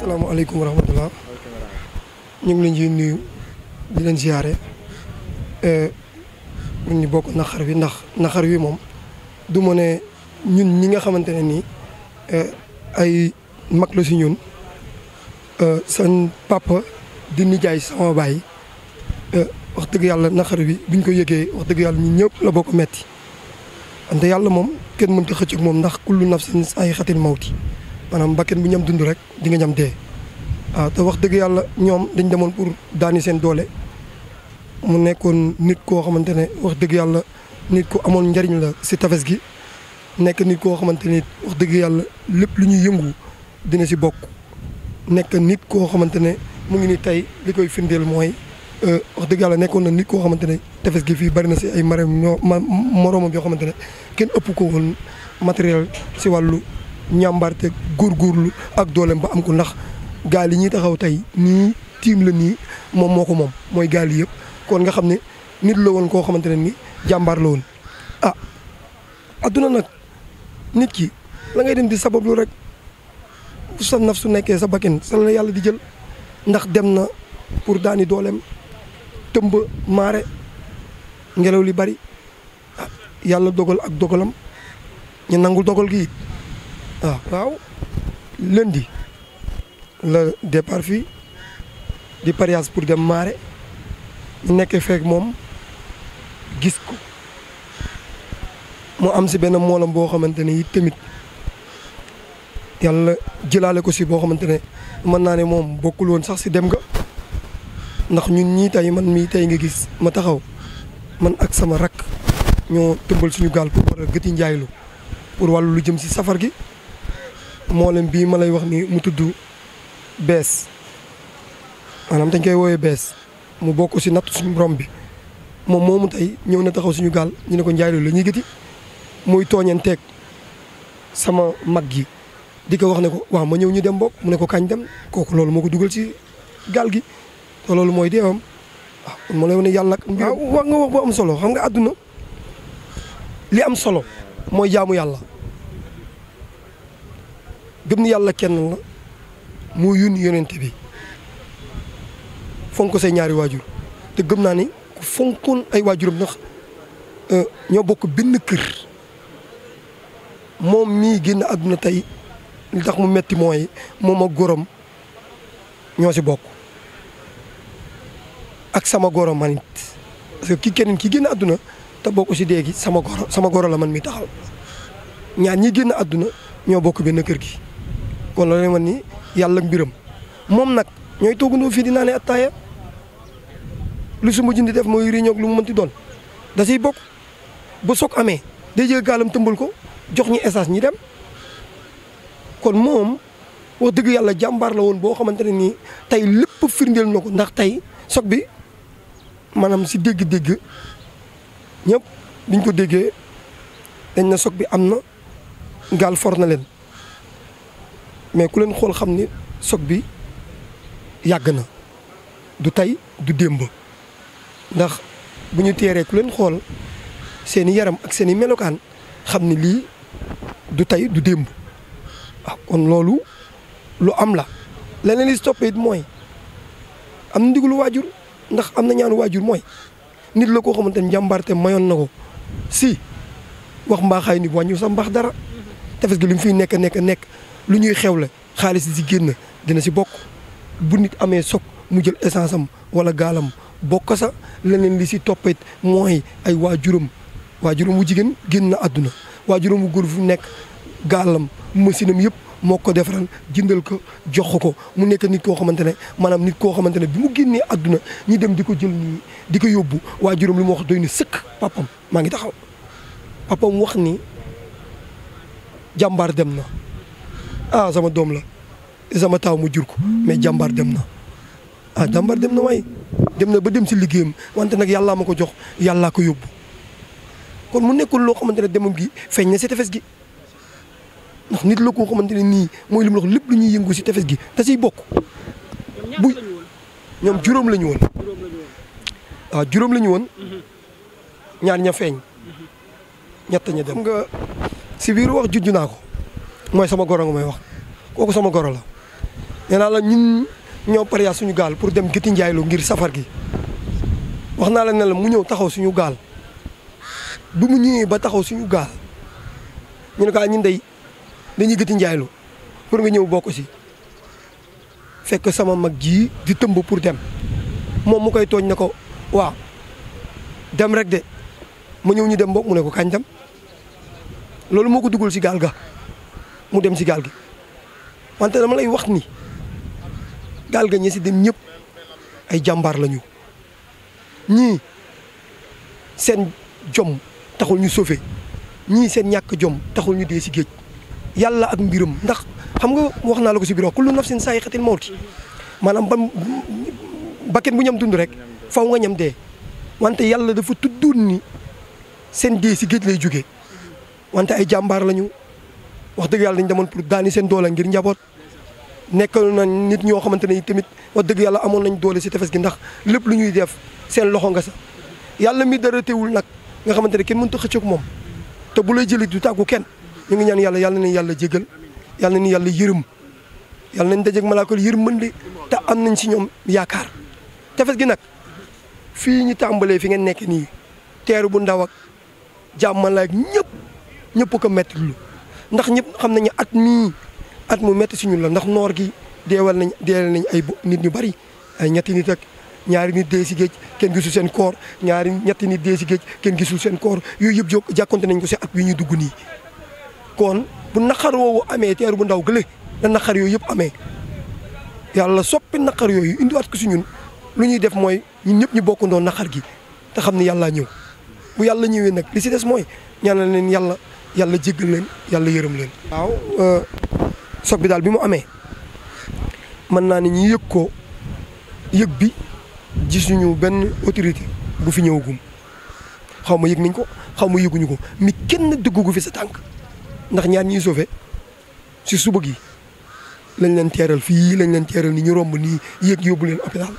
salaamaaleykum wa rahmatulah. ñu ngi leen di nuyu di leen ziare eh, ñun ñu bokk naxar wi ndax naqar wi moom du ma ñun ñi nga xamante ne nii eh, ay mag la si ñun eh, seen papa di nijaay sama baay wax dëgg yàlla naxar bi biñ ko yëgee wax dëgg yàlla ñu ñëpp la bokk metti wante yàlla moom kenn mënta xëcc moom ndax kullu nafsin ay xatil mawti maanaam bakkan bu ñam dund rek di nga ñam dee waaw ah, te wax dëgg yàlla ñoom dañ demoon pour daani seen doole mu nekkoon nit koo xamante ne wax dëgg yàlla nit ku amoon njariñ la si tafes gi nekk nit koo xamante ne wax dëgg yàlla lépp lu ñuy yëngu dina si bokk nekk nit koo xamante ne mu ngi nii tey li koy firndeel mooy euh, wax dëgg yàlla nekkoon na nit koo xamante ne tefes gi fii bari na si ay maram ñoo moroomam yoo xamante ne kenn ëpp ko woon matériel si wàllu ñàmbarte góorgóorlu ak dooleem ba am ko ndax gaal yi ñuy taxaw tey nii tiim la nii moom moo ko moom mooy gaal yi yëpp kon nga xam ne nit la woon koo xamante ne ni jàmbaar la ah nag nit ki la ngay dem di sabablu rek sa naf su nekkee sa bakkan sa la yàlla di jël ndax dem na pour daani dooleem tëmb maare ngelaw li bari ah yàlla dogal ak dogalam ñu nangul dogal gi ah waaw lundi la départ fii di pariage pour dem Maré ñu nekkee feek moom gis ko mu am si benn moolam boo xamante ne it tamit yàlla jëlaale ko si boo xamante ne mën naa ne moom bokkul woon sax si dem nga ndax ñun ñii tey man mii tey nga gis ma taxaw man ak sama rakk ñoo tëmbal suñu gaal pour war a gëti njaaylu pour wàllu lu jëm si safar gi moolam bii ma lay wax ni mu tudd bees maanaam dañ koy woowee bees mu bokk si natt suñu borom bi moom moomu tey ñëw na taxaw suñu gaal ñu ne ko njaay loolu la ñuy gëti muy tooñanteeg sama mag gi di ko wax ne ko waaw ma ñëw ñu dem bokk mu ne ko kañ dem kooku loolu moo ko dugal ci gaal gi te loolu mooy deewam waaw ma lay wax ne yàlla nag waaw nga wax bu am solo xam nga àdduna li am solo mooy jaamu yàlla gëm ni yàlla kenn la moo yónni yonente bi fonk say ñaari waajur te gëm naa ni ku fonkoon ay waajuram ndax euh, ñoo bokk benn kër moom mii génn àdduna tey li tax mu metti mooy moom ak góoram ñoo si bokk ak sama goro manit parce que ki keneen ki génn àdduna te bokk si dee sama goro sama goro la man mi taxaw ñaar ñi génn àdduna ñoo bokk benn kër gi kon loolu man ni yàlla ak mbiram moom nag ñooy toogandoo fii di naan attaaya lu su mujj di def mooy réunion ak lu mu mënti doon da siy bokk ba soog amee day jël gaalam tëmbal ko jox ñi essence ñi dem kon moom wax dëgg yàlla jàmbaar la woon boo xamante ne nii tey lépp firndeel na ko ndax tey soog bi maanaam si dégg-dégg ñëpp biñ ko déggee dañ na soog bi am na gaal for na leen. mais ku leen xool xam ni choc bi yàgg na du tey du démb ndax bu ñu teeree ku leen xool seeni yaram ak seeni melokaan xam ne lii du tey du démb waaw kon loolu lu am la leneen li si it mooy am na ndigalu waajur ndax am na ñaanu waajur mooy nit la koo xamante ni jàmbaarte mayoon na ko si wax mbaaxaay ni wàññi sa mbaax dara tefes gi li mu fiy nekk nekk nekk lu ñuy xewle xaalis di si génn dina si bokk bu nit amee soog mu jël essence am wala gaalam bokk sax leneen li si toppit mooy ay waajuram waajuram wu jigéen génn na àdduna waajuram wu góor fu nekk gaalam machine am yëpp moo ko defaral jëndal ko jox ko mu nekk nit koo xamante ne maanaam nit koo xamante ne bi mu génnee àdduna ñi dem di ko jël nii di ko yóbbu waajuram li mu wax doy na sëkk papam maa ngi taxaw papam wax ni jàmbaar dem na ah sama doom la sama taaw mu jur ko mais jàmbaar dem na ah jàmbar dem na waaye dem na ba dem si liggéeyam wante nag yàllaa ma ko jox yàllaa ko yóbbu kon mu nekkul loo xamante ne demam gi feeñ na si tefes gi ndax nit la ko xamante ne nii mooy li mu wax lépp lu ñuy yëngu si tefes gi da siy bokk. bu ñoom juróom la ñu woon. waaw juróom la ñu woon ah, mhm. ñaar ña feeñ. Mhm. ñett ña dem nga si biir wax jujju naa ko. mooy sama goro nga mooy wax kooku sama goro la nee naa la ñun ñoo pare suñu gaal pour dem Gétti Njaay ngir safar gi wax naa la ne la mu ñëw taxaw suñu gaal bu mu ñëwee ba taxaw suñu gaal ñu ne ko ah, ñun dañuy Gétti Njaay lu pour ñëw bokk si fekk sama mag ji di tëmb pour dem moom mu koy tooñ ne ko waaw rek de ma ñëw ñu dem bokk mu ne ko kañ dem loolu moo ko dugal ci gaal ga. mu dem ci gaal gi wante dama lay wax ni gaal ga ñi ci dem ñëpp ay jàmbaar lañu ñii seen jom taxul ñu sauvé ñii seen ñàkk jom taxul ñu dee ci géej yàlla ak mbiram ndax xam nga wax naa la ko ci biir kullu nafsin saayiqatil mawti maanaam ba bakket bu ñam dund rek faw nga ñam dee wante yàlla dafa tuddoon ni seen dee ci géej lay jóge wante ay jàmbaar lañu wax dëgg yàlla dañ demoon pour daani seen doole ngir njaboot nekk nañ nit ñoo xamante ne tamit wax dëgg yàlla amoon nañ doole si tefes gi ndax lépp lu ñuy def seen loxo nga sa yàlla mi dara teewul nag nga xamante ne kenn mënut a xëccoog moom te bu lay jëli du tàggu kenn ñu ngi ñaan yàlla yàlla nañ yàlla jégal yàlla ni yàlla yërëm yàlla nañ dajeeg malaakal yërmande te am nañ si ñoom yaakaar tefes gi nag fii ñu tàmbalee fi ngeen nekk nii teer bu ndaw ak jàmmalaay ak ko métti ndax ñëpp xam nañu at mii at mu metti si ñun la ndax noor gi deewal nañ deewal nañ ay nit ñu bari ay ñetti nit ak ñaari nit dee si géej kenn gisul seen koor ñaari ñetti nit dee si géej kenn gisul seen koor yooyu yëpp jo jàkkonte nañ ko si at wi ñu dugg nii kon bu naqar woowu amee teeru bu ndaw gële da naqar yooyu yëpp amee yàlla soppi naqar yooyu indiwaat ko si ñun lu ñuy def mooy ñun ñëpp ñu bokkandoo naqar gi te xam ne yàllaa ñëw bu yàlla ñëwee nag li si des mooy ñaanal leen yàlla yàlla jéggal leen yàlla yërëm leen. waaw euh, choc bi daal bi mu amee mën naa ne ñu yëg ko yëg bi gisuñu benn autorité bu fi ñëwagum xaw ma yëg nañ ko xaw ma yëguñu ko mi kenn dëgg dëggu fi sa tànk ndax ñaar ñuy sauvé si suba gi lañ leen teeral fii lañ leen teeral ni ñu romb nii yéeg yóbbu leen hôpital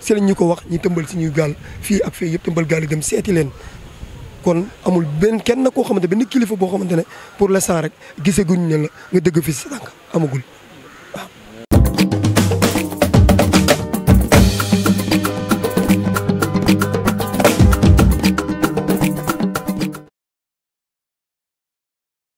si lañ ñu ko wax ñu tëmbal si ñuy gaal fii ak fii yëpp tëmbal gaal yi dem seeti leen kon amul benn kenn koo xamante benn kilifa boo xamante ne pour l'instant rek gise guñ ne nga dëgg fi si tànk amagul